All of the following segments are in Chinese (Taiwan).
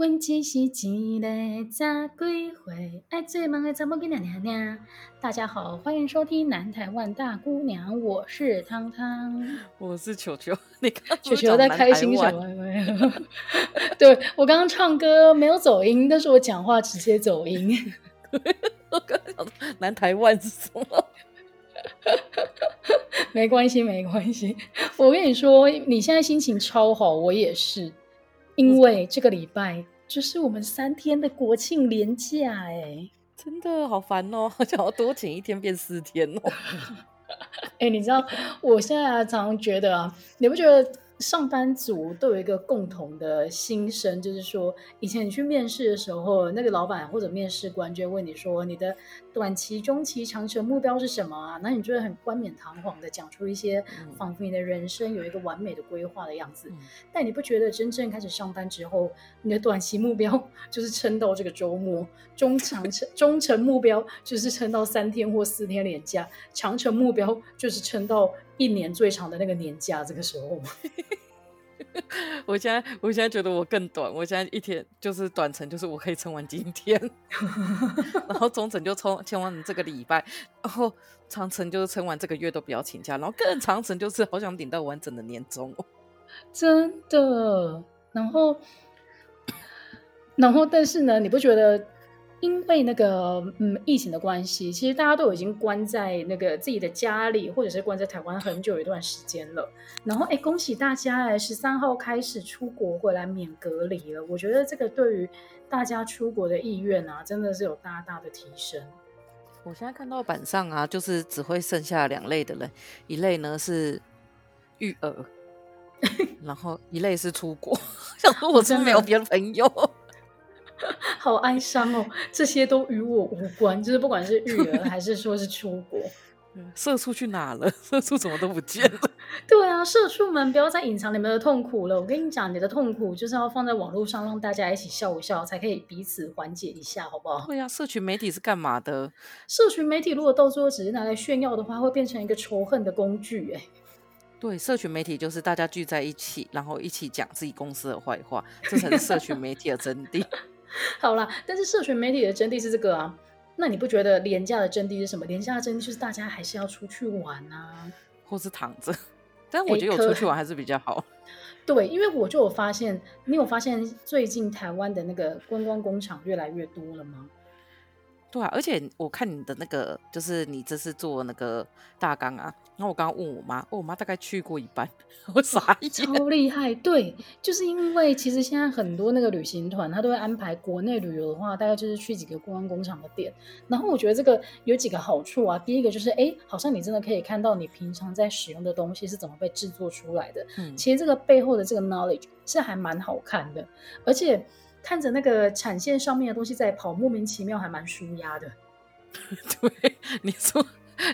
問自己幾個再幾回，愛做夢的怎麼跟娘娘？大家好，歡迎收聽南台灣大姑娘，我是湯湯，我是球球。你看球球在開心什麼？ 對，我剛剛唱歌沒有走音，但是我講話直接走音。 南台灣是什麼？ 沒關係，沒關係。 我跟你說，你現在心情超好，我也是。因為這個禮拜就是我們三天的國慶連假、欸，哎，真的好煩哦、喔，好想要多請一天變四天哦、喔。哎 欸，你知道我現在、啊、常常覺得、啊，你不覺得上班族都有一個共同的心聲，就是說，以前你去面試的時候，那個老闆或者面試官就會問你說，你的，短期、中期、長程目標是什麼啊？那你就會很冠冕堂皇的講出一些，仿佛、嗯、你的人生有一個完美的規劃的樣子，嗯、但你不覺得真正開始上班之後，你的短期目標就是撐到這個週末，中長程、 中程目標就是撐到三天或四天連假，長程目標就是撐到一年最長的那個年假這個時候 我現在，我現在覺得我更短。我現在一天就是短程，就是我可以撐完今天， 然後中程就沖撐完這個禮拜，然後長程就是撐完這個月都不要請假，然後更長程就是好想頂到完整的年終，真的。然後，然後但是呢，你不覺得？因為那個嗯疫情的關係，其實大家都已經關在那個自己的家裡，或者是關在台灣很久一段時間了。然後哎，恭喜大家啊，十三號開始出國回來免隔離了。我覺得這個對於大家出國的意願啊，真的是有大大的提升。我現在看到板上啊，就是只會剩下兩類的人，一類呢是育兒， 然後一類是出國。想說我真沒有別的朋友。 好哀傷哦， 這些都與我無關。就是不管是育兒，還是說是出國， 社畜去哪了？ 社畜怎麼都不見了？對啊，社畜們不要再隱藏你們的痛苦了。我跟你講，你的痛苦就是要放在網絡上，讓大家一起笑一笑，才可以彼此緩解一下，好不好？對啊，社群媒體是幹嘛的？社群媒體如果到最後只是拿來炫耀的話，會變成一個仇恨的工具、欸。哎，對，社群媒體就是大家聚在一起，然後一起講自己公司的壞話，這才是社群媒體的真諦。 好啦，但是社群媒體的真諦是這個啊，那你不覺得連假的真諦是什麼？連假的真諦就是大家還是要出去玩啊，或是躺着。但我覺得我出去玩還是比較好。欸、對，因為我就有發現，你有發現最近台灣的那個觀光工廠越來越多了嗎？對啊，而且我看你的那個，就是你這次做那個大綱啊，然後我剛剛問我媽，問、哦、我媽大概去過一半，我傻眼。超厲害，對，就是因為其實現在很多那個旅行團，他都會安排國內旅遊的話，大概就是去幾個觀光工廠的店。然後我覺得這個有幾個好處啊，第一個就是，哎，好像你真的可以看到你平常在使用的東西是怎麼被制作出來的。嗯、其實這個背後的這個 knowledge 是還蠻好看的，而且。看着那個產線上面的東西在跑，莫名其妙，還蠻舒壓的。對，你說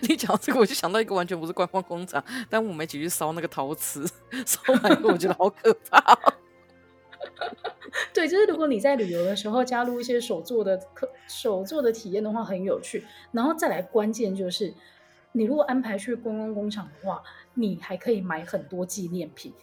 你講到這個，我就想到一個完全不是觀光工廠，但我們一起去燒那個陶瓷，燒完以後我覺得好可怕。對，就是如果你在旅遊的時候加入一些手作的，手作的體驗的話，很有趣。然後再來，關鍵就是你如果安排去觀光工廠的話，你還可以買很多紀念品。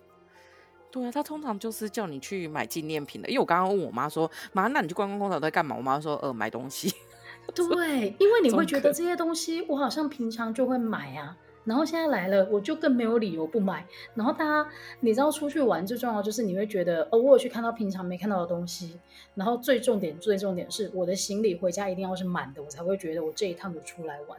對啊，他通常就是叫你去買紀念品的，因為我剛剛問我媽說，媽，那你去觀光工廠在幹嘛？我媽說，呃，買東西。 對，因為你會覺得這些東西，我好像平常就會買啊，然後現在來了，我就更沒有理由不買。然後大家，你知道出去玩最重要就是你會覺得，哦，我有去看到平常沒看到的東西。然後最重點，最重點是我的行李回家一定要是滿的，我才會覺得我這一趟就出來玩。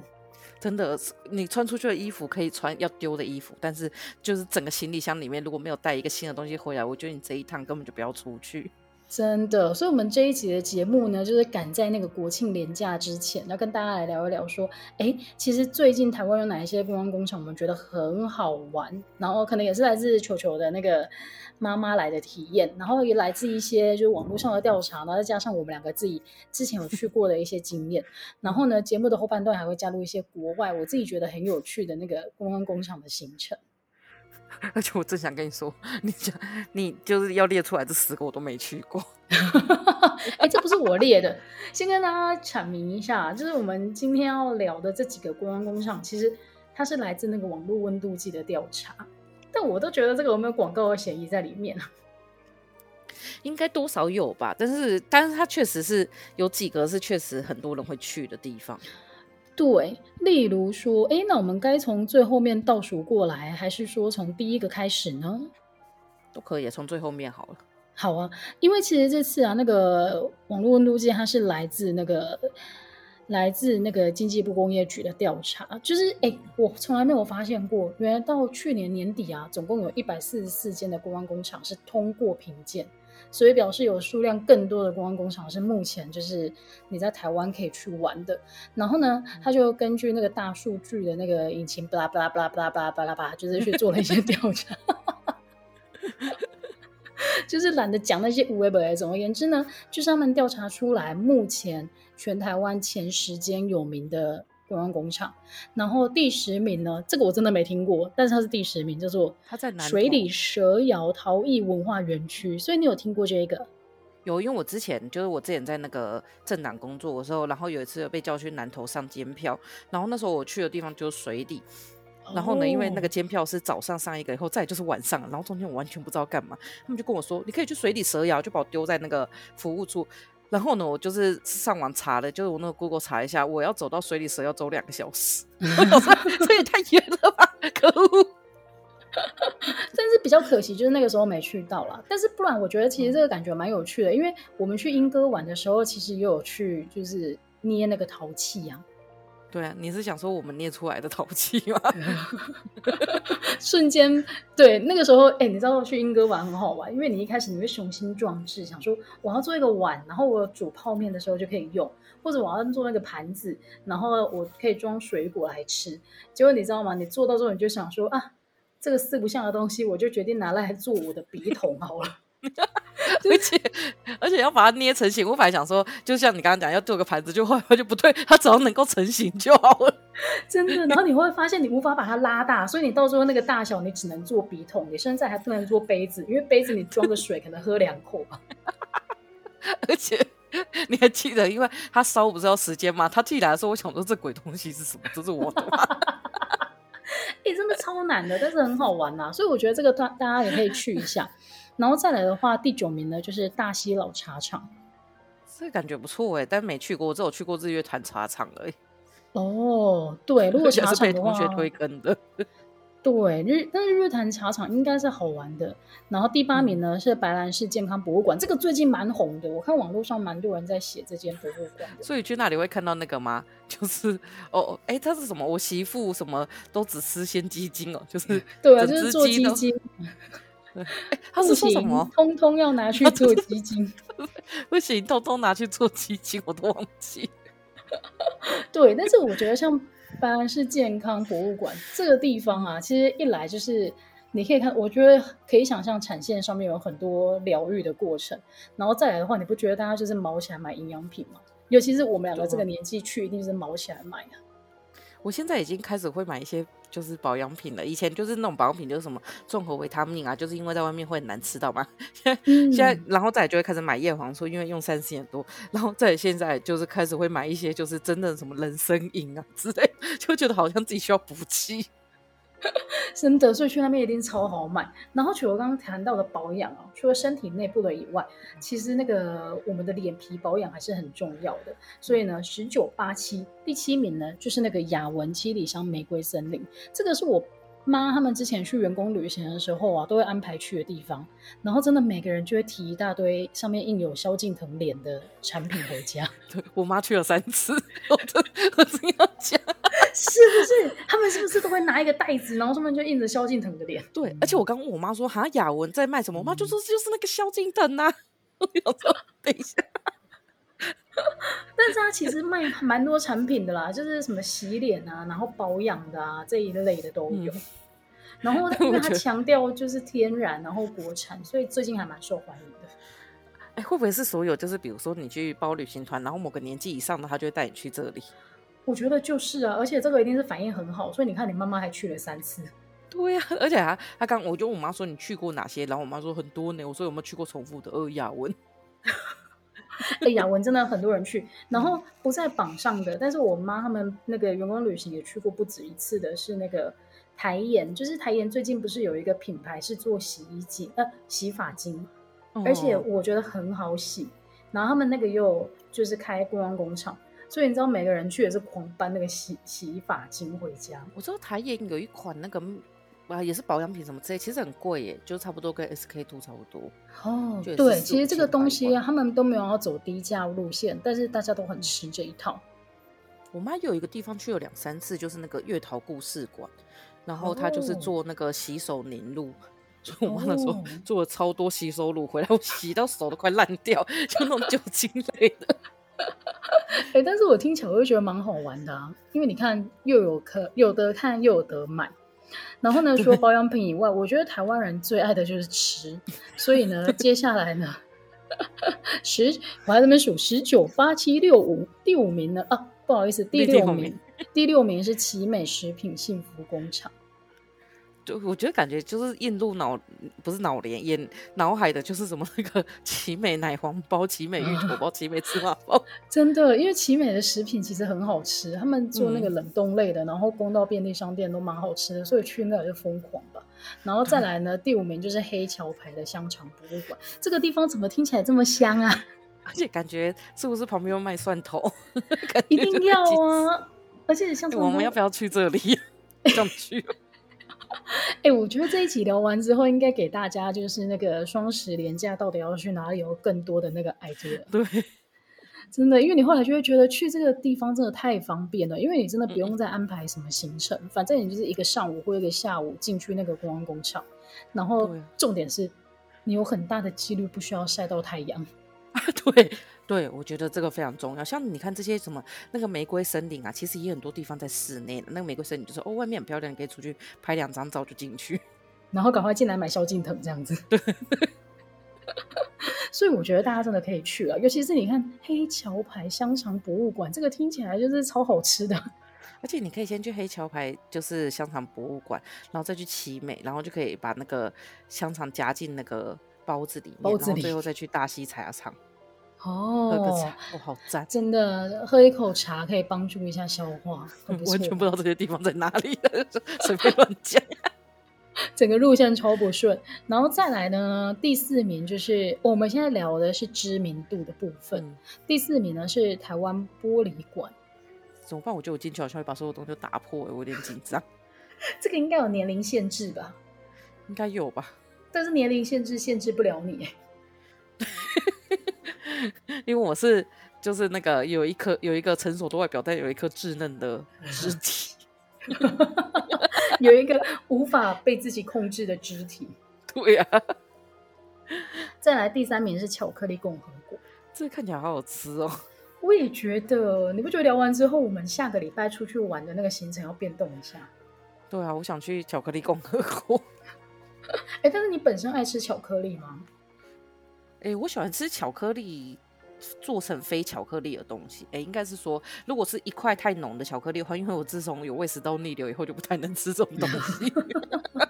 真的，你穿出去的衣服可以穿要丟的衣服，但是就是整個行李箱裡面如果沒有帶一個新的東西回來，我覺得你這一趟根本就不要出去。真的，所以我們這一集的節目呢，就是趕在那個國慶連假之前，然後跟大家來聊一聊，說，哎、欸，其實最近台灣有哪一些觀光工廠，我們覺得很好玩，然後可能也是來自球球的那個媽媽來的體驗，然後也來自一些就是網絡上的調查，然後再加上我們兩個自己之前有去過的一些經驗， 然後呢，節目的後半段還會加入一些國外我自己覺得很有趣的那個觀光工廠的行程。而且我正想跟你說，你講你就是要列出來這十個我都沒去過。哎，這不是我列的， 先跟大家闡明一下，就是我們今天要聊的這幾個觀光工廠，其實它是來自那個網絡溫度計的調查。但我都覺得這個有沒有廣告的嫌疑在裡面？應該多少有吧，但是但是它確實是有幾個是確實很多人會去的地方。對，例如說，哎，那我們該從最後面倒數過來，還是說從第一個開始呢？都可以，從最後面好了。好啊，因為其實這次啊，那個網絡溫度計它是來自那個來自那個經濟部工業局的調查，就是哎，我從來沒有發現過，原來到去年年底啊，總共有一百四十四間的觀光工廠是通過評鑑。所以表示有數量更多的觀光工廠是目前就是你在台灣可以去玩的。然後呢，嗯、他就根據那個大數據的那個引擎，巴拉巴拉巴拉巴拉巴拉巴拉，就是去做了一些調查， 就是懶得講那些有的沒的。總而言之呢，就是他們調查出來目前全台灣前十間有名的。觀光工廠，然後第十名呢？這個我真的沒聽過，但是他是第十名，叫做他在南水里蛇窯陶藝文化園區。所以你有聽過這一個？有，因為我之前就是我之前在那個政黨工作的時候，然後有一次有被叫去南投上監票，然後那時候我去的地方就是水里，然後呢，哦、因為那個監票是早上上一個，以後再就是晚上，然後中間我完全不知道幹嘛，他們就跟我說，你可以去水里蛇窯，就把我丟在那個服務處。然後呢，我就是上網查了，就是我那個 Google 查一下，我要走到水里蛇要走兩個小時， 哎、這，這也太遠了吧！可惡。但是比較可惜，就是那個時候沒去到啦。但是不然，我覺得其實這個感覺蠻有趣的，因為我們去鶯歌玩的時候，其實也有去，就是捏那個陶器呀。對啊，你是想說我們捏出來的陶器嗎？ 瞬間，對，那個時候，哎、欸，你知道去鶯歌玩很好玩，因為你一開始你會雄心壯志，想說我要做一個碗，然後我煮泡麵的時候就可以用，或者我要做那個盤子，然後我可以裝水果來吃。結果你知道嗎？你做到之後，你就想說啊，這個四不像的東西，我就決定拿來做我的筆筒好了。 而且、就是、而且要把它捏成型，我本來想說，就像你剛剛講，要做個盤子，就它就不對，它只要能夠成型就好了，真的。然後你會發現，你無法把它拉大， 所以你到時候那個大小，你只能做筆筒。你現在還不能做杯子，因為杯子你裝個水，可能喝兩口吧。 而且你還記得，因為它燒不是要時間嗎？他寄來的時候，我想說這鬼東西是什麼？這是我的嗎？哎、 欸，真的超難的， 但是很好玩吶、啊。所以我覺得這個，大大家也可以去一下。 然後再來的話，第九名呢，就是大溪老茶廠，這感覺不錯哎，但沒去過，我只有去過日月潭茶廠而已。哦，對，如果茶廠的話，是同學推更的。對日，但是日月潭茶廠應該是好玩的。然後第八名呢、嗯、是白蘭氏健康博物館，這個最近蠻紅的，我看網絡上蠻多人在寫這間博物館。所以去那裡會看到那個嗎？就是哦，哎，他是什麼？我媳婦什麼都只吃鮮雞精哦，就是對、啊，就是做雞精。 他、欸、親是說什麼？通通要拿去做雞精？不行，通通拿去做雞精，我都忘記。 對，但是我覺得像白蘭氏健康博物館這個地方啊，其實一來就是你可以看，我覺得可以想象產線上面有很多療癒的過程，然後再來的話，你不覺得大家就是毛起來買營養品嗎？尤其是我們兩個這個年紀去，一定是毛起來買的。我現在已經開始會買一些就是保養品了，以前就是那種保養品就是什麼綜合維他命啊，就是因為在外面會很難吃到嘛，現在，嗯，現在然後再就會開始買葉黃素，因為用三十年多，然後再現在就是開始會買一些就是真的什麼人參飲啊之類的，就覺得好像自己需要補氣。真的，所以去那邊一定超好買。然後，除了剛剛談到的保養啊，除了身體內部的以外，其實那個我們的臉皮保養還是很重要的。所以呢，十九八七第七名呢，就是那個雅聞七里香玫瑰森林，這個是我媽他們之前去員工旅行的時候啊，都會安排去的地方。然後真的每個人就會提一大堆上面印有蕭敬騰臉的產品回家。對，我媽去了三次，我真的，我真的要講。是不是他們是不是都會拿一個袋子， 然後上面就印着蕭敬騰的臉？對，而且我剛問我媽說，哈雅文在賣什麼？我媽就說、嗯、就是那個蕭敬騰吶、啊。等一下，但是他其實賣蠻多產品的啦，就是什麼洗臉啊，然後保養的啊這一類的都有。嗯、然後因為他強調就是天然， 然後國產，所以最近還蠻受歡迎的。哎、欸，會不會是所有就是比如說你去包旅行團，然後某個年紀以上的他就會帶你去這裡？我覺得就是啊，而且這個一定是反應很好，所以你看你媽媽還去了三次。對呀、啊，而且還他剛我就我媽說你去過哪些，然後我媽說很多呢。我說有沒有去過重複的？呃，雅文，雅文真的很多人去。然後不在榜上的，嗯、但是我媽他們那個員工旅行也去過不止一次的，是那個台鹽，就是台鹽最近不是有一個品牌是做洗衣精呃洗髮精，嗯、而且我覺得很好洗。然後他們那個又就是開觀光工廠。所以你知道每個人去也是狂搬那個洗洗髮精回家。我知道台也有一款那個啊，也是保養品什麼之類，其實很貴耶，就差不多跟 SK two 差不多。哦，4, 對，其實這個東西 5, 他們都沒有要走低價路線，但是大家都很吃這一套。我媽有一個地方去了兩三次，就是那個月桃故事館，然後她就是做那個洗手凝露，所以、哦、我媽那時候做了超多洗手露回來，我洗到手都快爛掉，就種酒精類的。 哎、 欸，但是我聽起來我就覺得蠻好玩的，啊，因為你看又有，可有得看有的看又有得買，然後呢，除了保養品以外， 我覺得台灣人最愛的就是吃，所以呢，接下來呢 十，我還在這邊數，十九八七六五，第五名呢，啊，不好意思，第六名，第六名，第六名是奇美食品幸福工廠。就我覺得感覺就是印入腦，不是腦簾，眼腦海的就是什麼那個奇美奶黃包、奇美芋頭包、啊、奇美芝麻包，真的，因為奇美的食品其實很好吃，他們做那個冷凍類的，嗯、然後供到便利商店都蠻好吃的，所以去那裡就瘋狂吧。然後再來呢，對第五名就是黑橋牌的香腸博物館，這個地方怎麼聽起來這麼香啊？而且感覺是不是旁邊有賣蒜頭？呵呵一,一定要啊！而且香腸、欸、我們要不要去這裡？要 去。 哎、欸，我覺得這一集聊完之後，應該給大家就是那個雙十連假到底要去哪裡，有更多的那個 idea。對，真的，因為你後來就會覺得去這個地方真的太方便了，因為你真的不用再安排什麼行程，嗯、反正你就是一個上午或者一個下午進去那個觀光工廠，然後重點是，你有很大的幾率不需要曬到太陽。對。對，我覺得這個非常重要。像你看這些什麼那個玫瑰森林啊，其實也很多地方在室內的。那個玫瑰森林就是哦，外面很漂亮，你可以出去拍兩張照就進去，然後趕快進來買蕭敬騰這樣子。對， 所以我覺得大家真的可以去了，啊，尤其是你看黑橋牌香腸博物館，這個聽起來就是超好吃的。而且你可以先去黑橋牌，就是香腸博物館，然後再去奇美，然後就可以把那個香腸夾進那個包子裡面，包子裡然後最後再去大溪茶廠。哦，oh, oh, 好讚，真的喝一口茶可以幫助一下消化。 不錯完全不知道這些地方在哪裡，隨 便亂講、啊。整個路線超不順，然後再來呢？第四名就是我們現在聊的是知名度的部分。第四名呢是台灣玻璃館。怎麼辦？我覺得我進去好像會把所有東西都打破、欸，我有點緊張。 這個應該有年齡限制吧？應該有吧？但是年齡限制限制不了你、欸。 因為我是就是那個有一顆有一個成熟的外表，但有一顆稚嫩的肢體， 有一個無法被自己控制的肢體。對呀、啊。再來第三名是巧克力共和國，這看起來好好吃哦。我也覺得，你不覺得聊完之後，我們下個禮拜出去玩的那個行程要變動一下？對啊，我想去巧克力共和國。哎、 欸，但是你本身愛吃巧克力嗎？哎、欸，我喜歡吃巧克力做成非巧克力的東西。哎、欸，應該是說，如果是一塊太濃的巧克力的話，因為我自從有胃食道逆流以後，就不太能吃這種東西。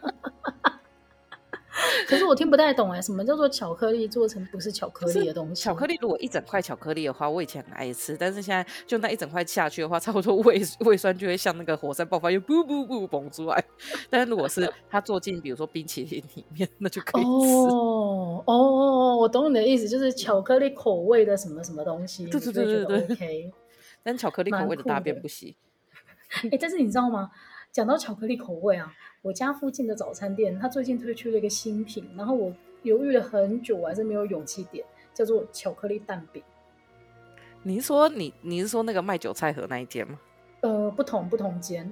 可是我聽不太懂哎、欸，什麼叫做巧克力做成不是巧克力的東西？巧克力如果一整塊巧克力的話，我以前很愛吃，但是現在就那一整塊下去的話，差不多胃胃酸就會像那個火山爆發，又噗噗噗蹦出來。但如果是、嗯、它做進比如說冰淇淋裡面，那就可以吃。哦哦，我懂你的意思，就是巧克力口味的什麼什麼東西，對對對對，就覺得 OK。但巧克力口味的大便不行，哎、欸，但是你知道嗎？講到巧克力口味啊。我家附近的早餐店，他最近推出了一個新品，然後我猶豫了很久，我還是沒有勇氣點，叫做巧克力蛋餅。你是說你、你是說那個賣韭菜盒那一間嗎？呃，不同不同間。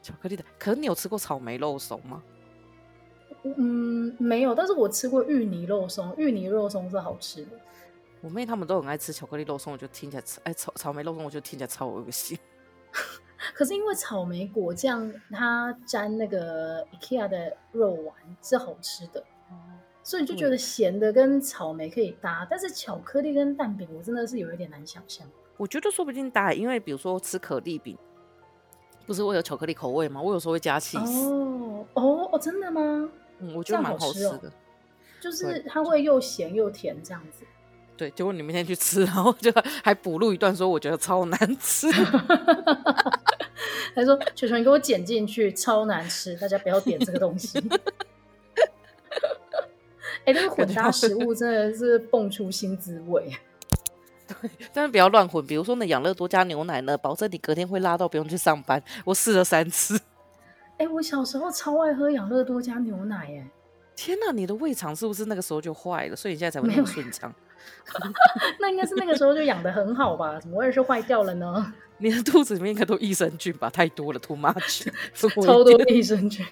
巧克力的，可是你有吃過草莓肉鬆嗎？嗯，沒有，但是我吃過芋泥肉鬆，芋泥肉鬆是好吃的。我妹他們都很愛吃巧克力肉鬆，我就聽起來吃，哎、欸，草草莓肉鬆我就聽起來超噁心。 可是因為草莓果醬，它沾那個 IKEA 的肉丸是好吃的，嗯、所以你就覺得鹹的跟草莓可以搭。嗯、但是巧克力跟蛋餅，我真的是有一點難想象。我覺得說不定搭，因為比如說吃可麗餅，不是會有巧克力口味嗎？我有時候會加起司。哦哦，真的嗎？嗯，我覺得蠻好吃的，就是它會又鹹又甜這樣子。就對，結果你明天去吃，然後就還補錄一段說我覺得超難吃。 他說：“球球，你給我剪進去，超難吃，大家不要點這個東西。 欸”哎，這個混搭食物真的是蹦出新滋味。 對，但是不要亂混，比如說那養樂多加牛奶呢，保證你隔天會拉到不用去上班。我試了三次。哎、欸，我小時候超愛喝養樂多加牛奶、欸，哎。天哪、啊，你的胃腸是不是那個時候就壞了？所以你現在才會那麼順暢。 那應該是那個時候就養的很好吧？怎麼會是壞掉了呢？你的肚子裡面應該都益生菌吧？太多了，too much，, too much. 超多益生菌。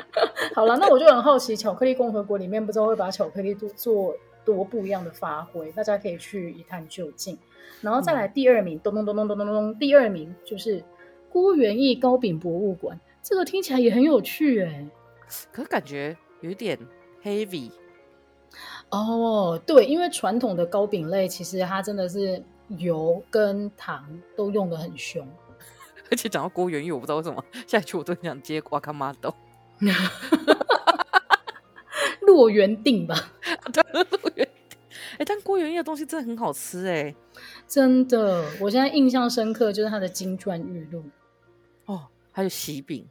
好了，那我就很好奇，《 巧克力共和國》裡面不知道會把巧克力做多不一樣的發揮，大家可以去一探究竟。然後再來第二名，嗯、咚咚咚咚咚咚咚，咚，咚第二名就是郭元益糕餅博物館。這個聽起來也很有趣哎、欸，可感覺有一點 heavy。哦，oh, 對，因為傳統的糕餅類其實它真的是油跟糖都用得很凶， 而且講到郭元益，我不知道為什麼下一句我突然想接瓜卡媽豆，洛 原定吧， 啊、對，洛元定。哎，但郭元益的東西真的很好吃，欸，哎，真的。我現在印象深刻就是它的金磚玉露，哦，oh, 還有喜餅，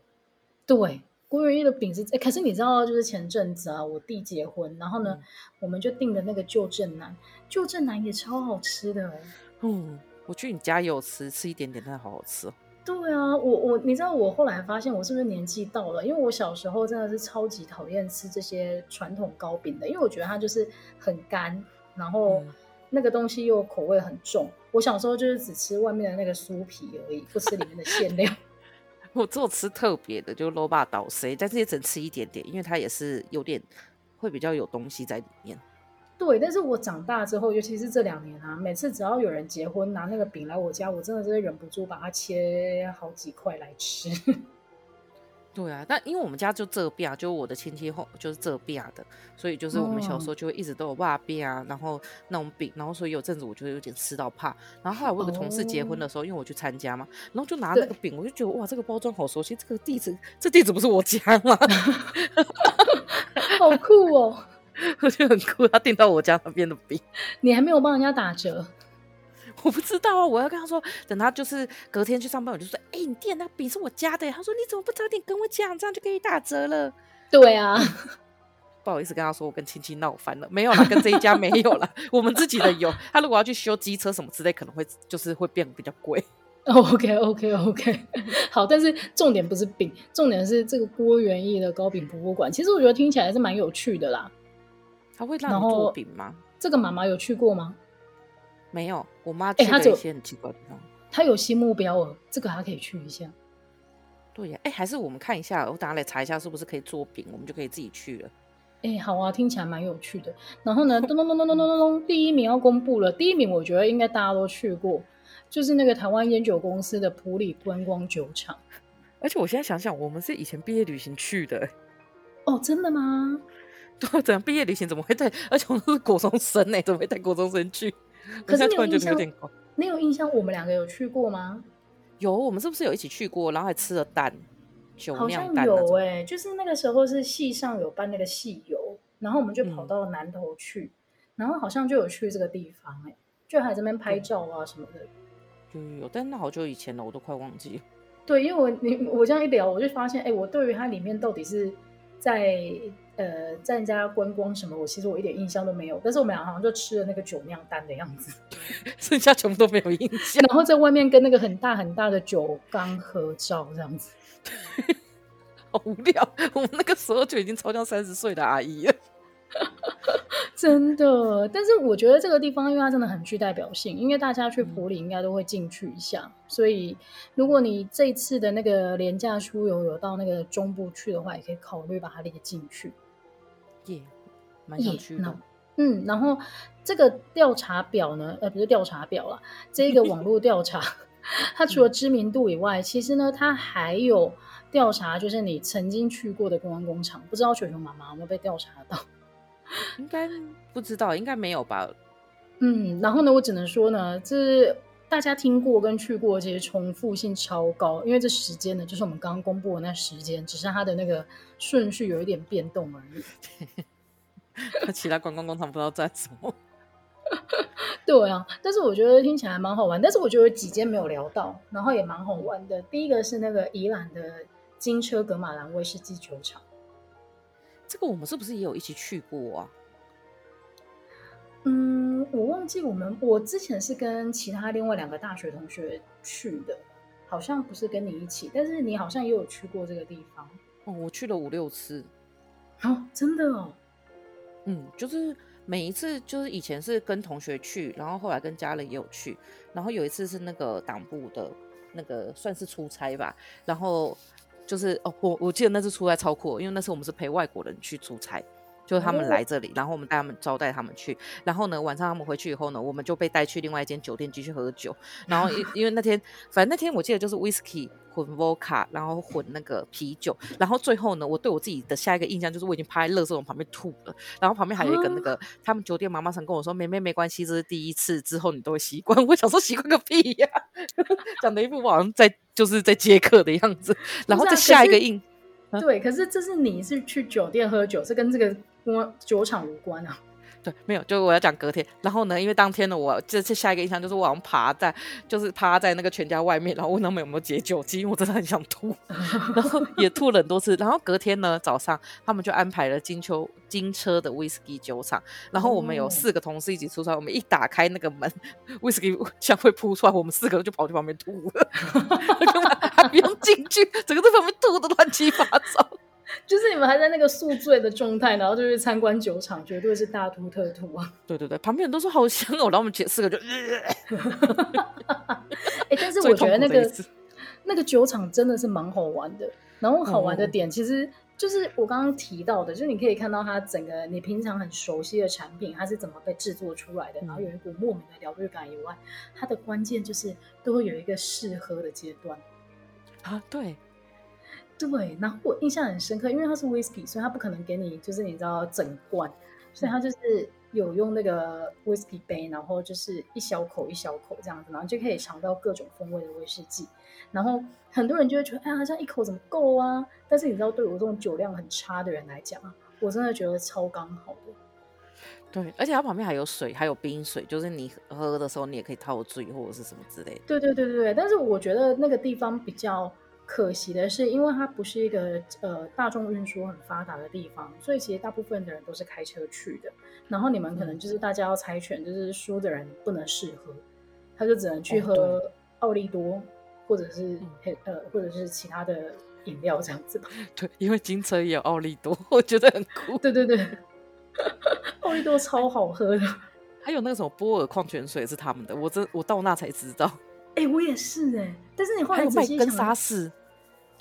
對。郭元益的餅子，哎、欸，可是你知道，就是前陣子啊，我弟結婚，然後呢，嗯、我們就訂了那個舊振南，舊振南也超好吃的、欸。嗯，我去你家有吃，吃一點點，但好好吃、哦。對啊，我我，你知道我後來發現，我是不是年紀到了？因為我小時候真的是超級討厭吃這些傳統糕餅的，因為我覺得它就是很乾，然後那個東西又有口味很重。嗯、我小時候就是只吃外面的那個酥皮而已，不吃裡面的餡料。 我做吃特別的，就肉霸刀 C，但是也只能吃一點點，因為它也是有點會比較有東西在裡面。對，但是我長大之後，尤其是這兩年啊，每次只要有人結婚拿那個餅來我家，我真的真的忍不住把它切好幾塊來吃。 對啊，但因為我們家就這邊啊，就我的親戚後就是這邊的，所以就是我們小時候就會一直都有爸餅啊，然後那種餅，然後所以有陣子我就有點吃到怕。然後後來我有個同事結婚的時候，oh. 因為我去參加嘛，然後就拿那個餅，我就覺得哇，這個包裝好熟悉，這個地址，這個地址，這個地址不是我家嗎？ 好酷哦， 我覺得很酷，他訂到我家那邊的餅，你還沒有幫人家打折。我不知道啊，我要跟他說，等他就是隔天去上班，我就說：“哎、欸，你店那餅是我家的。”呀，他說：“你怎麼不早點跟我講？這樣就可以打折了。”對啊，不好意思跟他說，我跟親戚鬧翻了，沒有了，跟這一家沒有了， 我們自己的有。他如果要去修機車什麼之類，可能會就是會變得比較貴。OK OK OK，好，但是重點不是餅，重點是這個郭元益的糕餅博物館。其實我覺得聽起來是蠻有趣的啦。他會讓你做餅嗎？這個媽媽有去過嗎？沒有，我媽去了一些很奇怪的地方。她、欸，有新目標哦，這個她可以去一下。對呀，哎、欸，還是我們看一下，我等下來查一下是不是可以做餅，我們就可以自己去了。哎、欸，好啊，聽起來蠻有趣的。然後呢，咚咚咚咚咚咚咚，第一名要公布了。第一名我覺得應該大家都去過，就是那個台灣菸酒公司的埔里觀光酒廠。而且我現在想想，我們是以前畢業旅行去的、欸。哦，真的嗎？對，怎樣畢業旅行怎麼會帶？而且我們是國中生呢、欸，怎麼會帶國中生去？ 可是你有印象？你有印象？我們兩個有去過嗎？有，我們是不是有一起去過？然後還吃了蛋，酒釀蛋那種？好像有哎、欸，就是那個時候是系上有辦那個系遊，然後我們就跑到南投去，嗯、然後好像就有去這個地方哎、欸，就還在這邊拍照啊什麼的。對，有，但那好久以前了，我都快忘記了。對，因為我你我這樣一聊，我就發現哎、欸，我對於它裡面到底是在。呃，在人家觀光什麼，我其實我一點印象都沒有。但是我們倆好像就吃了那個酒釀蛋的樣子，剩下全部都沒有印象。然後在外面跟那個很大很大的酒缸合照，這樣子， 好無聊。我們那個時候就已經超像三十歲的阿姨了。 真的，但是我覺得這個地方，因為它真的很具代表性，因為大家去埔里應該都會進去一下，嗯、所以如果你這次的那個連假出遊有到那個中部去的話，也可以考慮把它列進去。也蠻想去的。嗯，然後這個調查表呢，呃，不是調查表啦，這個網絡調查， 它除了知名度以外，嗯、其實呢，它還有調查，就是你曾經去過的觀光工廠，不知道熊熊媽媽有沒有被調查到。應該不知道，應該沒有吧。嗯，然後呢，我只能說呢，這是大家聽過跟去過這些重複性超高，因為這時間呢，就是我們剛剛公布的那時間，只是它的那個順序有一點變動而已。那 其他觀光工廠不知道在什麼。 對啊，但是我覺得聽起來蠻好玩。但是我覺得有幾間沒有聊到，然後也蠻好玩的。第一個是那個宜蘭的金車噶瑪蘭威士忌酒廠。這個我們是不是也有一起去過啊？嗯，我忘記我們，我之前是跟其他另外兩個大學同學去的，好像不是跟你一起，但是你好像也有去過這個地方。哦、嗯，我去了五六次。好、哦，真的哦。嗯，就是每一次，就是以前是跟同學去，然後後來跟家人也有去，然後有一次是那個黨部的，那個算是出差吧，然後。就是哦，我我記得那次出差超酷，因為那次我們是陪外國人去出差，就是他們來這裡，哦、然後我們帶他們招待他們去，然後呢晚上他們回去以後呢，我們就被帶去另外一間酒店繼續喝酒，然後因因為那天 反正那天我記得就是 whisky 混 vodka，然後混那個啤酒，然後最後呢我對我自己的下一個印象就是我已經趴在垃圾桶旁邊吐了，然後旁邊還有一個那個、嗯、他們酒店媽媽常跟我說，妹妹沒關係，這是第一次，之後你都會習慣。我想說習慣個屁呀、啊，講 得一副好像。在。就是在接客的樣子，然後再下一個印。啊嗯、對，可是這是你是去酒店喝酒，這跟這個酒廠無關啊。對，沒有，就我要講隔天，然後呢，因為當天呢，我這次下一個印象就是我好像爬在，就是趴在那個全家外面，然後問他們有沒有解酒劑，我真的很想吐，嗯、然後也吐了很多次。 然後隔天呢，早上他們就安排了金秋金車的威士忌酒廠，然後我們有四個同事一起出差，我們一打開那個門，威士忌香會撲出來，我們四個就跑去旁邊吐了，根本 還不用進去，整個在旁邊吐得亂七八糟。就是你們還在那個宿醉的狀態，然後就去參觀酒廠，絕對是大吐特吐啊！對對對，旁邊人都說好香哦，然後我們姐四個就、呃，呃，哎， 但是我覺得那個那個酒廠真的是蠻好玩的。然後好玩的點、嗯、其實就是我剛剛提到的，就是你可以看到它整個你平常很熟悉的產品它是怎麼被製作出來的，嗯、然後有一股莫名的療癒感以外，它的關鍵就是都會有一個試喝的階段啊，對。對，然後我印象很深刻，因為它是威士忌，所以它不可能給你就是你知道整罐，所以它就是有用那個威士忌杯，然後就是一小口一小口這樣子，然後就可以嘗到各種風味的威士忌。然後很多人就會覺得，哎呀，這樣一口怎麼夠啊？但是你知道，對我這種酒量很差的人來講，我真的覺得超剛好的。對，而且它旁邊還有水，還有冰水，就是你喝的時候你也可以套醉或者是什麼之類的。對對對對對，但是我覺得那個地方比較。可惜的是，因為它不是一個呃大眾運輸很發達的地方，所以其實大部分的人都是開車去的。然後你們可能就是大家要猜拳，嗯、就是輸的人不能試喝，他就只能去喝奧利多，哦、或者是呃，或者是其他的飲料這樣子吧。對，因為金車也有奧利多，我覺得很酷。 對對對，奧 利多超好喝的。還有那個什麼波爾礦泉水是他們的，我真我到那才知道。哎、欸，我也是哎、欸，但是你還有麥根沙士。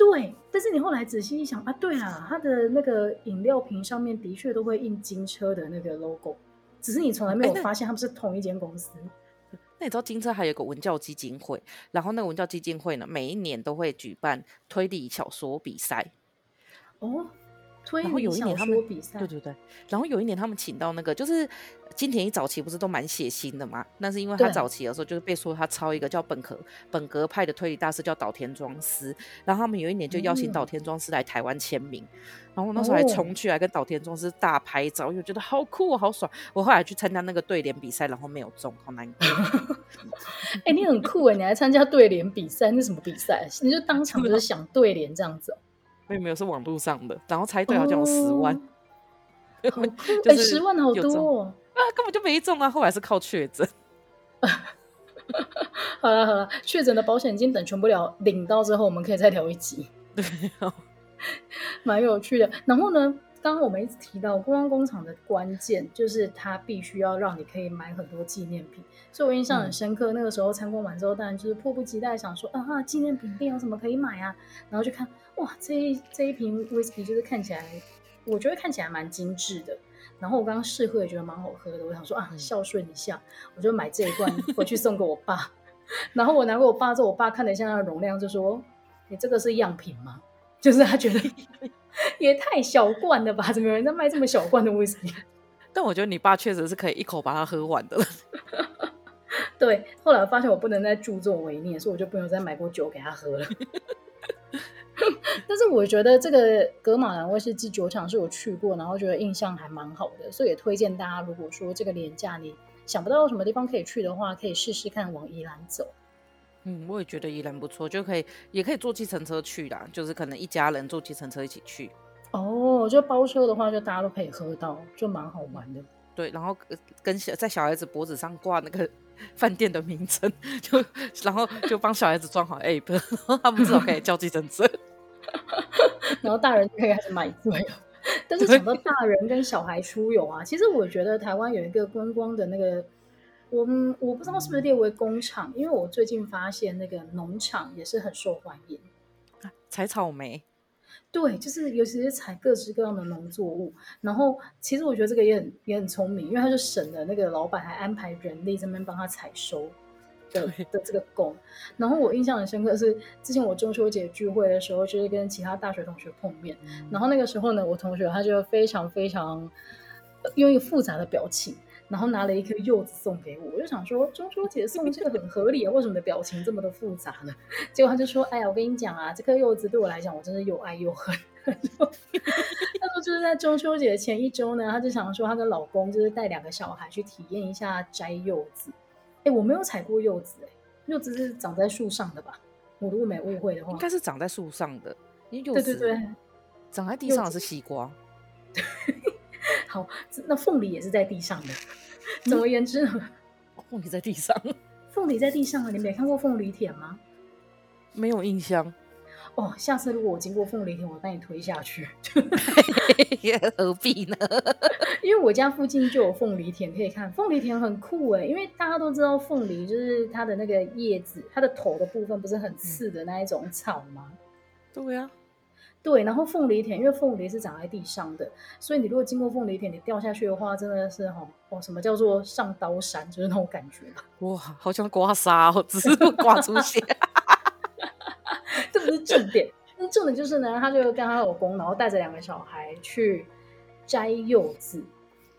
對，但是你後來仔細，一想啊，對啦，他的那個飲料瓶上面的確都會印金車的那個 logo，只是你從來沒有發現他們是同一間公司那。那你知道金車還有一個文教基金會，然後那個文教基金會呢，每一年都會舉辦推理小說比賽。哦。推理小說比賽，對對對。然後有一年他們請到那個，就是金田一早期不是都蠻血腥的嘛？那是因為他早期的時候就是被說他抄一個叫本格本格派的推理大師叫島田莊司。然後他們有一年就邀請島田莊司來台灣簽名，然後那時候還衝去來跟島田莊司大拍照，又覺得好酷喔，好爽！我後來去參加那個對聯比賽，然後沒有中，好難過。哎，你很酷誒，欸，你還參加對聯比賽？那什麼比賽？你就當場就是想對聯這樣子喔。並沒有是網路上的，然後猜對好像有十萬，哎、哦 欸，十萬好多、哦、啊，根本就沒中啊。後來是靠確診，啊、好了好了，確診的保險金等全部了領到之後，我們可以再聊一集，對、啊，蠻有趣的。然後呢？剛剛我們一直提到觀光工廠的關鍵就是它必須要讓你可以買很多紀念品，所以我印象很深刻。那個時候參觀完之後，當然就是迫不及待想說，啊啊，紀念品店有什麼可以買啊？然後就看，哇，這一這一瓶威士忌就是看起來，我覺得看起來蠻精致的。然後我剛剛試喝也覺得蠻好喝的，我想說啊，孝順一下，我就買這一罐回去送給我爸。 然後我拿給我爸之後，我爸看了一下它的容量，就說，你、欸、這個是樣品嗎？就是他覺得。也太小罐了吧？怎麼有人在賣這麼小罐的威士忌？但我覺得你爸確實是可以一口把它喝完的。 對，後來我發現我不能再助紂為虐，所以我就不用再買過酒給他喝了。 但是我覺得這個噶瑪蘭威士忌酒廠是我去過，然後覺得印象還蠻好的，所以也推薦大家，如果說這個連假你想不到什麼地方可以去的話，可以試試看往宜蘭走。嗯，我也覺得宜蘭不錯，就可以也可以坐計程車去啦，就是可能一家人坐計程車一起去。哦，oh, 就包車的話，就大家都可以喝到，就蠻好玩的。對，然後跟小在小孩子脖子上掛那個飯店的名稱，就然後就幫小孩子裝好，app 他們知道可以叫計程車， 然後大人就可以開始買醉了。但是什麼大人跟小孩出遊啊，其實我覺得台灣有一個觀光,光的那個。我我不知道是不是列為工廠，嗯、因為我最近發現那個農場也是很受歡迎，啊、採草莓，對，就是尤其是採各式各樣的農作物。然後其實我覺得這個也很也很聰明，因為他是省的那個老闆還安排人力這邊幫他採收的對的這個工。然後我印象很深刻是，之前我中秋節聚會的時候，就是跟其他大學同學碰面，嗯、然後那個時候呢，我同學他就非常非常用一個複雜的表情。然後拿了一顆柚子送給我，我就想說中秋節送這個很合理啊， 為什麼的表情這麼的複雜呢？結果他就說：“哎呀，我跟你講啊，這顆柚子對我來講，我真的又愛又恨。”他，他說就是在中秋節前一周呢，他就想說他的老公就是帶兩個小孩去體驗一下摘柚子。哎，我沒有採過柚子，欸，柚子是長在樹上的吧？我如果沒誤會的話，應該是長在樹上的。因為柚子，對對對，長在地上的是西瓜。 好，那鳳梨也是在地上的。總而言之，嗯、鳳梨在地上，鳳梨在地上啊！你沒看過鳳梨田嗎？沒有印象。哦，下次如果我經過鳳梨田，我把你推下去。 哎、何必呢？因為我家附近就有鳳梨田，可以看。鳳梨田很酷哎、欸。因為大家都知道鳳梨，就是它的那個葉子，它的頭的部分不是很刺的那一種草嗎？嗯、對呀、啊。對，然後鳳梨田，因為鳳梨是長在地上的，所以你如果經過鳳梨田，你掉下去的話，真的是哈哦，什麼叫做上刀山，就是那種感覺。哇，好像刮痧哦，我只是刮出血。這不是重點，那重點就是呢，他就跟他老公，然後帶着兩個小孩去摘柚子。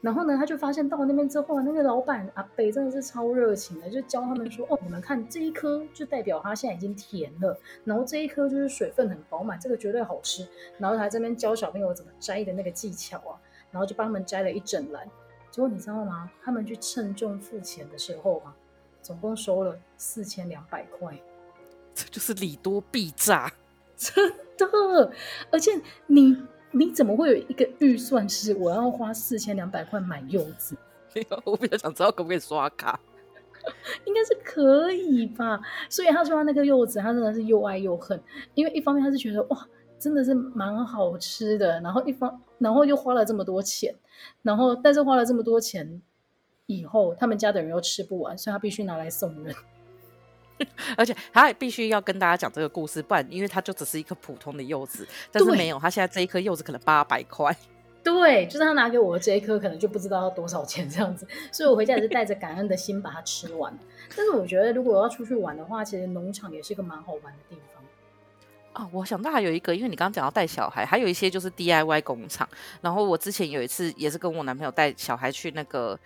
然後呢，他就發現到了那邊之後，那個老闆阿北真的是超熱情的，就教他們說：“哦，你們看這一顆就代表它現在已經甜了，然後這一顆就是水分很飽滿，這個絕對好吃。”然後他這邊教小朋友怎麼摘的那個技巧啊，然後就幫他們摘了一整籃。結果你知道嗎？他們去稱重付錢的時候啊，總共收了四千兩百塊，這就是禮多必詐， 真的。而且你。你怎麼會有一個預算是我要花四千兩百塊買柚子？沒有，我比較想知道可不可以刷卡， 應該是可以吧。所以他說他那個柚子，他真的是又愛又恨，因為一方面他是覺得哇，真的是蠻好吃的，然後一方然後又花了這麼多錢，然後但是花了這麼多錢以後，他們家的人又吃不完，所以他必須拿來送人。 而且他還必須要跟大家講這個故事，不然因為他就只是一顆普通的柚子，但是沒有對他現在這一顆柚子可能八百塊。對，就是他拿給我的這一顆可能就不知道要多少錢這樣子，所以我回家也是帶着感恩的心把它吃完。 但是我覺得如果要出去玩的話，其實農場也是一個蠻好玩的地方。啊、哦，我想到還有一個，因為你剛剛講到帶小孩，還有一些就是 DIY 工廠。然後我之前有一次也是跟我男朋友帶小孩去那個。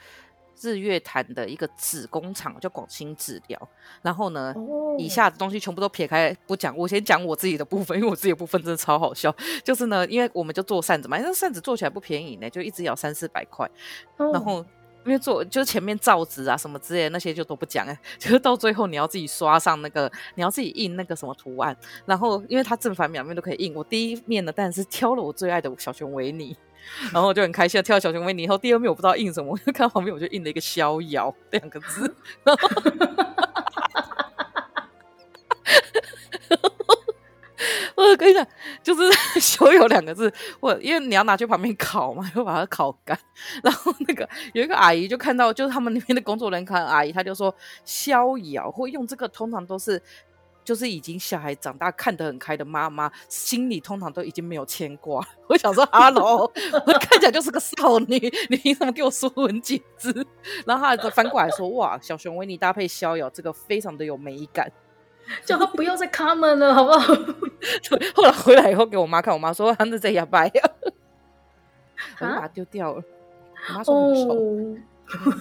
日月潭的一個紙工廠叫廣興紙寮，然後呢，哦、以下的東西全部都撇開不講。我先講我自己的部分，因為我自己的部分真的超好笑。就是呢，因為我們就做扇子嘛，因為扇子做起來不便宜呢、欸，就一支要三四百塊。然後、哦、因為做就是前面造紙啊什麼之類的那些就都不講、欸、就是到最後你要自己刷上那個，你要自己印那個什麼圖案。然後因為它正反兩面都可以印，我第一面呢，當然是挑了我最愛的小熊維尼。 然後我就很開心，跳到小熊維尼。然後第二面我不知道印什麼，我就看到旁邊，我就印了一個逍“逍遙”兩個字。我跟你講，就是“逍遙”兩個字，我因為你要拿去旁邊烤嘛，要把它烤乾。然後那個有一個阿姨就看到，就是他們裡面的工作人員、呃、阿姨，她就說：“逍遙會用這個，通常都是。”就是已經小孩長大看得很開的媽媽，心裡通常都已經沒有牽掛。我想說，哈嘍，我看起來就是個少女， 你怎麼給我說文縐縐？然後他翻過來說，哇，小熊維尼搭配逍遙，這個非常的有美感。叫他不要再看 o 了，好不好？ 後來回來以後給我媽看，我媽說他正在啞巴呀，哈我就把它丟掉了。我媽說很醜。Oh.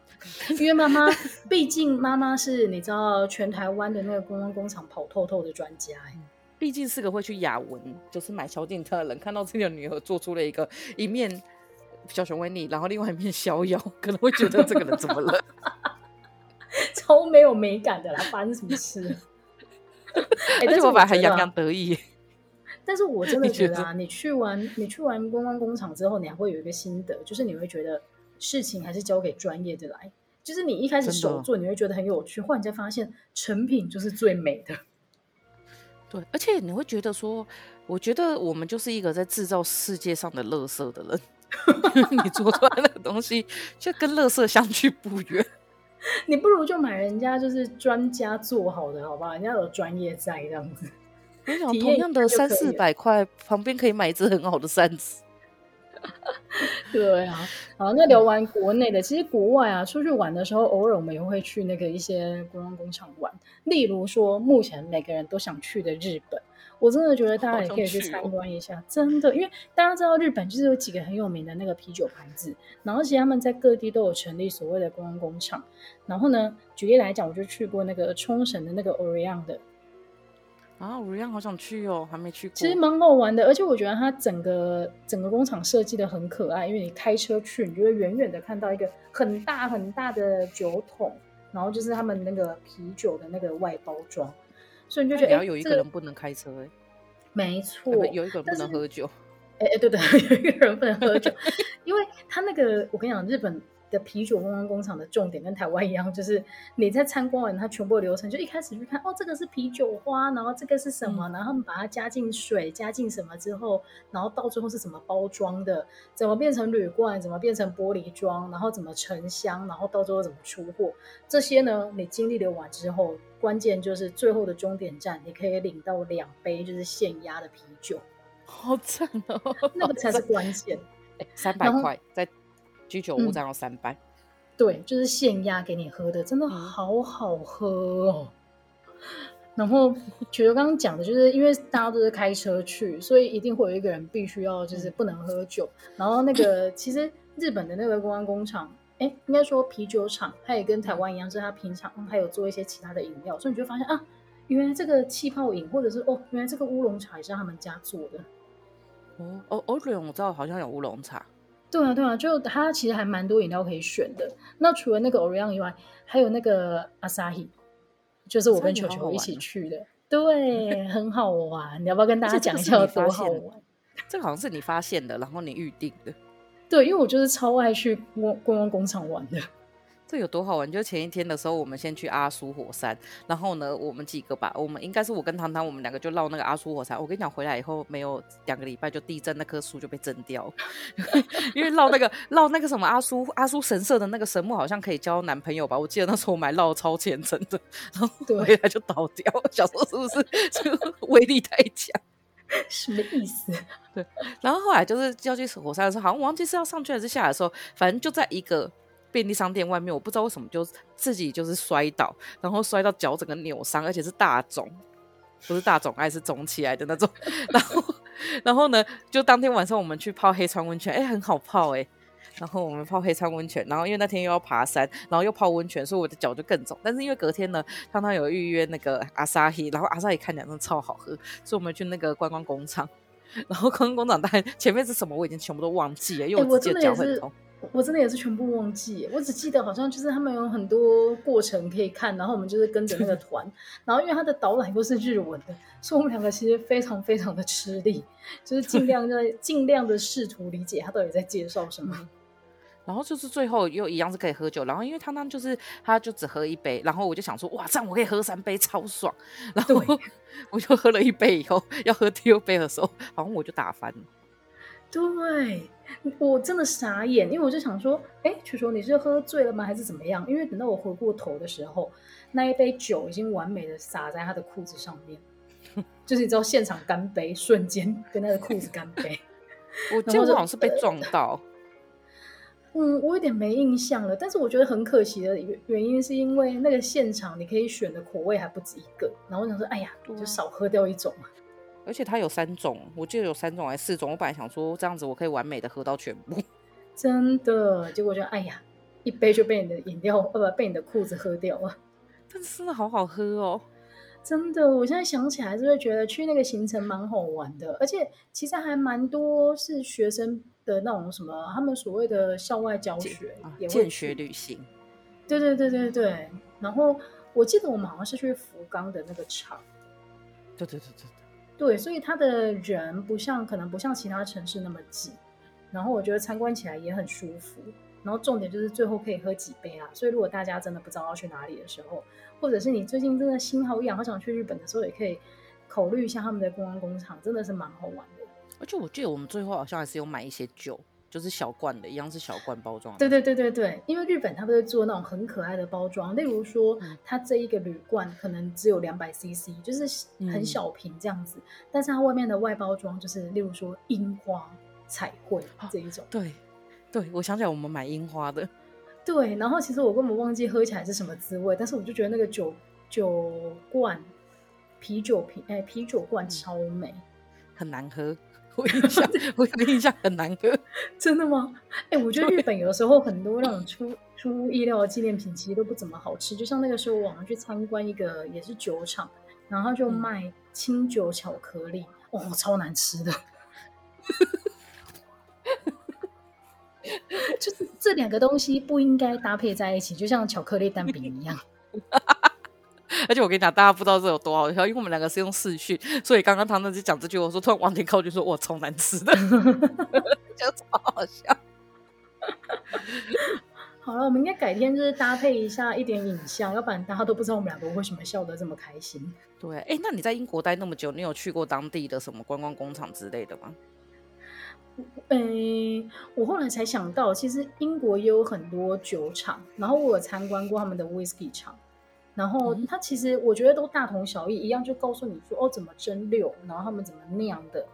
因為媽媽，畢竟媽媽是你知道全台灣的那個觀光工廠跑透透的專家畢、嗯、竟是個會去雅文，就是買小電車的人，看到自己的女兒做出了一個一面小熊維尼，然後另外一面逍遙，可能會覺得這個人怎麼了？ 超沒有美感的啦！發生什麼事？哎、 欸，但是我，啊、爸，爸還洋洋得意。但是我真的覺得啊，你，得你去完你去完觀光工廠之後，你還會有一個心得，就是你會覺得。事情還是交給專業的來。就是你一開始手做，你會覺得很有趣。忽然間發現成品就是最美的。對，而且你會覺得說，我覺得我們就是一個在製造世界上的垃圾的人。 你做出來的東西 就跟垃圾相去不遠。你不如就買人家就是專家做好的，好不好？人家有專業在，這樣子。我想同樣的三,三四百塊，旁邊可以買一支很好的扇子。 對啊，好，那聊完國內的，其實國外啊，出去玩的時候，偶爾我們也會去那個一些觀光工廠玩。例如說，目前每個人都想去的日本，我真的覺得大家也可以去參觀一下，真的，因為大家知道日本就是有幾個很有名的那個啤酒牌子，然後其實他們在各地都有成立所謂的觀光工廠。然後呢，舉例來講，我就去過那個沖繩的那個 Orion 的。啊，我一樣好想去哦，還沒去過。其實蠻好玩的，而且我覺得它整個整個工廠設計的很可愛，因為你開車去，你就會遠遠的看到一個很大很大的酒桶，然後就是他們那個啤酒的那個外包裝，所以你就覺得只要有一個人不能開車，沒錯，有一個人不能喝酒，哎哎、欸、對、對對，有一個人不能喝酒， 因為他那個我跟你講，日本。的啤酒觀光工廠的重點跟台灣一樣，就是你在參觀完它全部的流程，就一開始去看哦，這個是啤酒花，然後這個是什麼？嗯、然後把它加進水，加進什麼之後，然後到最後是怎麼包裝的？怎麼變成鋁罐？怎麼變成玻璃裝？然後怎麼成箱？然後到最後怎麼出貨？這些呢，你經歷了完之後，關鍵就是最後的終點站，你可以領到兩杯就是現壓的啤酒，好慘哦！那個才是關鍵，哎，三百塊後在。居酒屋這樣要三百，對，就是現壓給你喝的，真的好好喝哦！然後，覺得剛剛講的就是，因為大家都是開車去，所以一定會有一個人必須要就是不能喝酒。嗯、然後那個， 其實日本的那個觀光工廠，哎，應該說啤酒廠，他也跟台灣一樣，是它平常還、嗯、有做一些其他的飲料，所以你就發現啊，原來這個氣泡飲或者是哦，原來這個烏龍茶也是他們家做的。哦、嗯，哦，烏龍，我知道好像有烏龍茶。對啊，對啊，就它其實還蠻多飲料可以選的。那除了那個 Orion 以外，還有那個 Asahi，就是我跟球球一起去的，啊、對，很好玩。你要不要跟大家講一下有多好玩？這個好像是你發現的，然後你預定的。對，因為我就是超愛去觀光工、工廠玩的。這有多好玩？就前一天的時候，我們先去阿蘇火山，然後呢，我們幾個吧，我們應該是我跟湯湯，我們兩個就繞那個阿蘇火山。我跟你講，回來以後沒有兩個禮拜就地震，那棵樹就被震掉。 因為繞那個繞那個什麼阿蘇阿蘇神社的那個神木好像可以交男朋友吧？我記得那時候我買繞超虔誠的，然後回來就倒掉。小時候是不是，就是威力太強？ 什麼意思？對。然後後來就是要去火山的時候，好像忘記是要上去還是下來的時候，反正就在一個。便利商店外面，我不知道為什麼就自己就是摔倒，然後摔到腳整個扭傷，而且是大腫，不是大腫，還是腫起來的那種。然後，然後呢，就當天晚上我們去泡黑川溫泉，哎、欸，很好泡哎、欸。然後我們泡黑川溫泉，然後因為那天又要爬山，然後又泡溫泉，所以我的腳就更腫。但是因為隔天呢，剛剛有預約那個阿薩黑，然後阿薩黑看起來超好喝，所以我們去那個觀光工廠。然後觀光工廠，但前面是什麼我已經全部都忘記了，因為我自己的腳很痛。欸我真的也是全部忘記，我只記得好像就是他們有很多過程可以看，然後我們就是跟着那個團， 然後因為他的導覽又是日文的，所以我們兩個其實非常非常的吃力，就是盡量在盡 量的試圖理解他到底在介紹什麼。然後就是最後又一樣是可以喝酒，然後因為湯湯就是他就只喝一杯，然後我就想說哇這樣我可以喝三杯超爽，然後我就喝了一杯以後要喝第二杯的時候，好像我就打翻了。對，我真的傻眼，因為我就想說，哎、欸，球球，你是喝醉了嗎，還是怎麼樣？因為等到我回過頭的時候，那一杯酒已經完美的灑在他的褲子上面， 就是你知道現場乾杯，瞬間跟他的褲子乾杯。 我，就我好像是被撞到，呃、嗯，我有點沒印象了。但是我覺得很可惜的原原因是因為那個現場你可以選的口味還不止一個，然後我想說，哎呀，就少喝掉一種。嗯而且它有三種，我記得有三種還是四種。我本來想說這樣子，我可以完美的喝到全部，真的。結果就哎呀，一杯就被你的飲料，呃不，被你的褲子喝掉了。但是真的好好喝哦，真的。我現在想起來，就會覺得去那個行程蠻好玩的。而且其實還蠻多是學生的那種什麼，他們所謂的校外教學、啊、見學旅行，對對對對對。然後我記得我們好像是去福岡的那個廠，對對對對。對，所以他的人不像，可能不像其他城市那麼擠，然後我覺得參觀起來也很舒服，然後重點就是最後可以喝幾杯啊。所以如果大家真的不知道要去哪裡的時候，或者是你最近真的心好癢，好想去日本的時候，也可以考慮一下他們的觀光工廠，真的是蠻好玩的。而且我記得我們最後好像還是有買一些酒。就是小罐的，一樣是小罐包裝。對對對對對，因為日本他們做那種很可愛的包裝，例如說，它這一個鋁罐可能只有兩百 CC，就是很小瓶這樣子，嗯、但是它外面的外包裝就是，例如說櫻花彩繪這一種。啊、對，對我想起來我們買櫻花的。對，然後其實我根本忘記喝起來是什麼滋味，但是我就覺得那個酒酒罐啤酒瓶哎啤酒罐超美，很難喝。我印象，我印象很難喝， 真的嗎？哎、欸，我覺得日本有時候很多那種出、出乎意料的紀念品其實都不怎麼好吃。就像那個時候我們去參觀一個也是酒廠，然後就賣清酒巧克力，哦，超難吃的。 就是這兩個東西不應該搭配在一起，就像巧克力蛋餅一樣。 而且我跟你講，大家不知道這有多好笑，因為我們兩個是用視訊，所以剛剛湯湯就講這句，我說突然往前靠就說“我超難吃的”， 就超好笑。好了，我們應該改天就是搭配一下一點影像，要不然大家都不知道我們兩個為什麼笑得這麼開心。對、啊，哎、欸，那你在英國待那麼久，你有去過當地的什麼觀光工廠之類的嗎？嗯、欸，我後來才想到，其實英國也有很多酒廠，然後我有參觀過他們的威士忌廠。然後它，其實我覺得都大同小異，嗯、一樣就告訴你說哦怎麼蒸餾，然後他們怎麼釀的，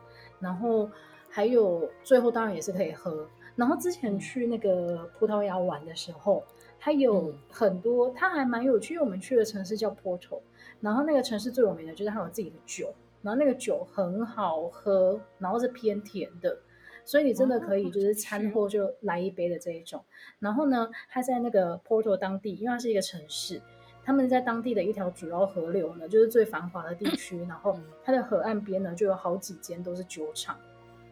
然後還有最後當然也是可以喝。然後之前去那個葡萄牙玩的時候，它有很多、嗯、它還蠻有趣，因為我們去的城市叫 Porto，然後那個城市最有名的就是它有自己的酒，然後那個酒很好喝，然後是偏甜的，所以你真的可以就是餐後就來一杯的這一種。然後呢，他在那個 Porto 當地，因為它是一個城市。他們在當地的一條主要河流呢，就是最繁華的地區，然後它的河岸邊呢，就有好幾間都是酒廠，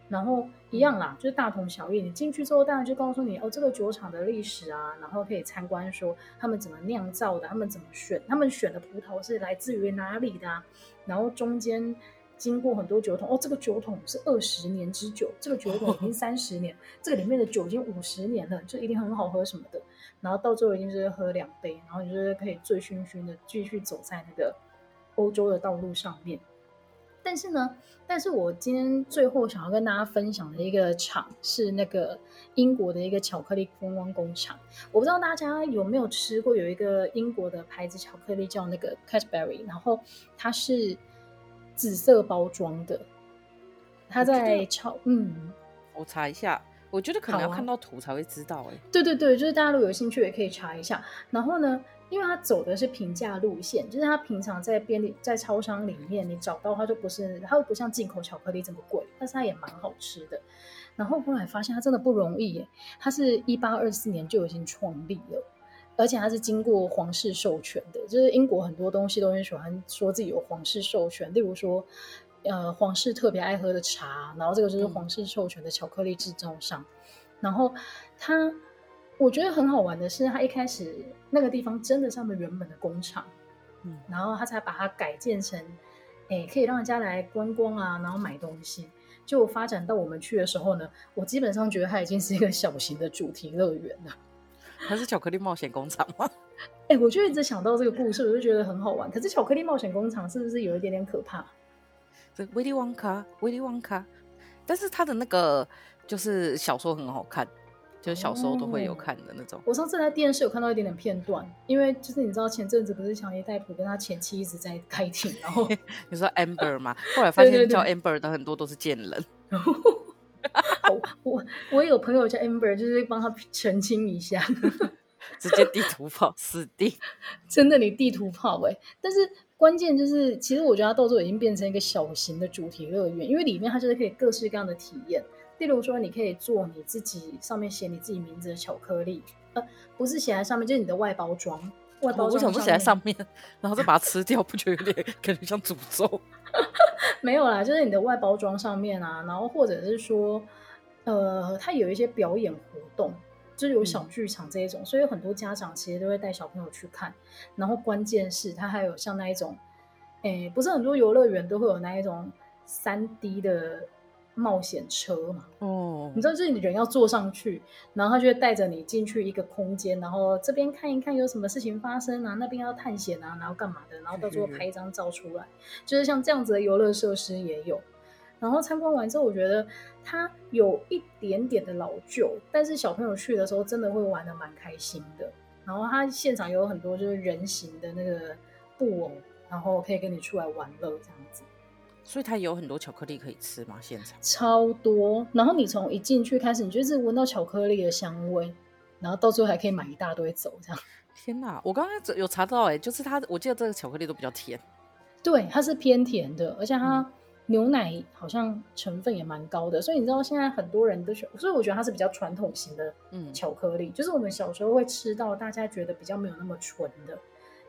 然後一樣啦，就是大同小異。你進去之後，當然就告訴你哦，這個酒廠的歷史啊，然後可以參觀說他們怎麼釀造的，他們怎麼選，他們選的葡萄是來自於哪裡的啊，然後中間。經過很多酒桶哦，這個酒桶是二十年之久。這個酒桶已經三十年， 這個裡面的酒已經五十年了，就一定很好喝什麼的。然後到最後一定是喝兩杯，然後你就是可以醉醺醺的繼續走在那個歐洲的道路上面。但是呢，但是我今天最後想要跟大家分享的一個廠是那個英國的一個巧克力觀光工廠。我不知道大家有沒有吃過，有一個英國的牌子巧克力叫那個 Cadbury，然後它是。紫色包裝的，它在超，嗯，我查一下，我覺得可能要看到圖才會知道，欸，哎，哦，對對對，就是大家如果有興趣也可以查一下。然後呢，因為他走的是平價路線，就是他平常在便利在超商裡面你找到它就不是，它又不像進口巧克力這麼貴，但是它也蠻好吃的。然後後來發現他真的不容易耶，他是一八二四年就已經創立了。而且它是經過皇室授權的，就是英國很多東西都很喜歡說自己有皇室授權，例如說，呃，皇室特別愛喝的茶，然後這個就是皇室授權的巧克力製造商。嗯、然後它，我覺得很好玩的是，它一開始那個地方真的像原本的工廠，嗯、然後他才把它改建成，欸，可以讓人家來觀光啊，然後買東西。就發展到我們去的時候呢，我基本上覺得它已經是一個小型的主題樂園了。還是巧克力冒險工廠嗎？哎、欸，我就一直想到這個故事， 我就覺得很好玩。可是巧克力冒險工廠是不是有一點點可怕？這威利旺卡，威利旺卡，但是他的那個就是小說很好看，就是小時候都會有看的那種、哦。我上次在電視有看到一點點片段，因為就是你知道前陣子不是強尼戴普跟他前妻一直在開庭，然後 你說 Amber 嘛，啊、後來發現叫 Amber 的很多都是賤人。對對對對 我我有朋友叫 Amber，就是幫他澄清一下， 直接地圖炮， 死定真的，你地圖炮。哎、欸，但是關鍵就是，其實我覺得它到時已經變成一個小型的主題樂園，因為裡面它就是可以各式各樣的體驗，例如說你可以做你自己上面寫你自己名字的巧克力，呃，不是寫在上面，就是你的外包裝，外包裝、哦、我不，想不寫在上面， 然後再把它吃掉， 不覺得有點感覺像詛咒？ 沒有啦，就是你的外包裝上面啊，然後或者是說。呃，他有一些表演活動，就是有小劇場這一種，嗯、所以很多家長其實都會帶小朋友去看。然後關鍵是他還有像那一種，哎、欸，不是很多遊樂園都會有那一種 3D 的冒險車嘛？哦、嗯，你知道這裡的人要坐上去，然後他就會帶着你進去一個空間，然後這邊看一看有什麼事情發生啊，那邊要探險啊，然後幹嘛的？然後到最後拍一張照出來，是是是，就是像這樣子的遊樂設施也有。然後參觀完之後，我覺得它有一點點的老舊，但是小朋友去的時候真的會玩得蠻開心的。然後它現場有很多就是人形的那個布偶，然後可以跟你出來玩樂這樣子。所以它有很多巧克力可以吃嗎？現場超多。然後你從一進去開始，你就是聞到巧克力的香味，然後到最後還可以買一大堆走這樣。天哪、啊！我剛剛有查到哎、欸，就是它，我記得這個巧克力都比較甜。對，它是偏甜的，而且它、嗯。牛奶好像成分也蠻高的，所以你知道現在很多人都喜歡，所以我覺得它是比較傳統型的巧克力，嗯、就是我們小時候會吃到大家覺得比較沒有那麼純的，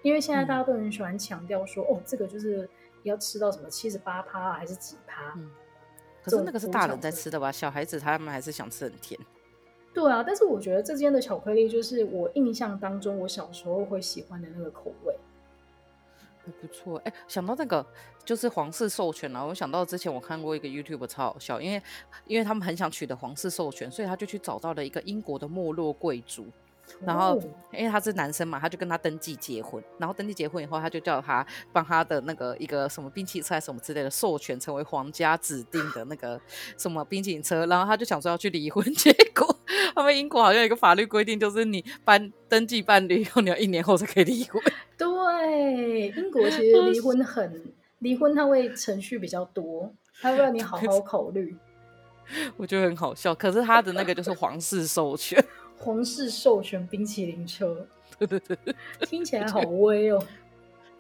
因為現在大家都很喜歡強調說，嗯、哦，這個就是要吃到什麼七十八趴啊還是幾趴、嗯，可是那個是大人在吃的吧， 小孩子他們還是想吃很甜。對啊，但是我覺得這間的巧克力就是我印象當中我小時候會喜歡的那個口味。欸、不錯，哎、欸，想到那個就是皇室授權了，我想到之前我看過一個 YouTube 超好笑，因為因為他們很想取得皇室授權，所以他就去找到了一個英國的沒落貴族。然後，哦、因為他是男生嘛，他就跟他登記結婚。然後登記結婚以後，他就叫他幫他的那個一個什麼冰淇淋車還什麼之類的授權成為皇家指定的那個什麼冰淇淋車。然後他就想說要去離婚，結果他們英國好像有一個法律規定，就是你辦登記辦理以後，你要一年後才可以離婚。對，英國其實離婚很 離婚，他會程序比較多，他會讓你好好考慮。我覺得很好笑，可是他的那個就是皇室授權。皇室授權冰淇淋車， 聽起來好威哦、喔！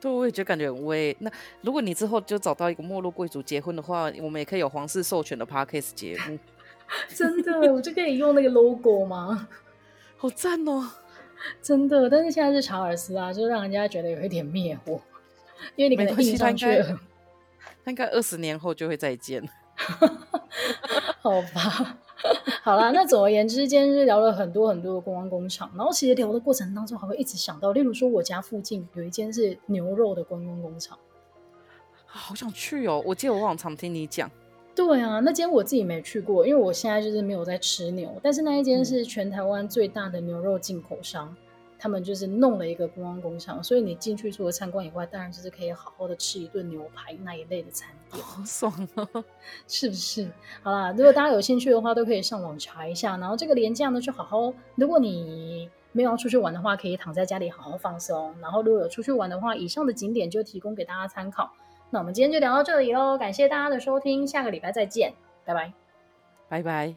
對，我也覺得感覺很威。那如果你之後就找到一個末路貴族結婚的話，我們也可以有皇室授權的 Podcast 節目。 真的，我就可以用那個 logo 嗎？ 好讚哦、喔！真的，但是現在是查爾斯啊，就讓人家覺得有一點滅火，因為你跟伊麗莎白應該二十年後就會再見。 好吧。 好啦，那總而言之，今天是聊了很多很多的觀光工廠，然後我其實聊的過程當中，還會一直想到，例如說我家附近有一間是牛肉的觀光工廠，好想去哦！我記得我往常聽你講，對啊，那間我自己沒去過，因為我現在就是沒有在吃牛，但是那一間是全台灣最大的牛肉進口商。他們就是弄了一個觀光工廠，所以你進去除了參觀以外，當然就是可以好好的吃一頓牛排那一類的餐點，好爽啊，是不是？好啦，如果大家有興趣的話，都可以上網查一下。然後這個連假呢，就好好。如果你沒有要出去玩的話，可以躺在家裡好好放鬆。然後如果有出去玩的話，以上的景點就提供給大家參考。那我們今天就聊到這裡嘍，感謝大家的收聽，下個禮拜再見，拜拜，拜拜。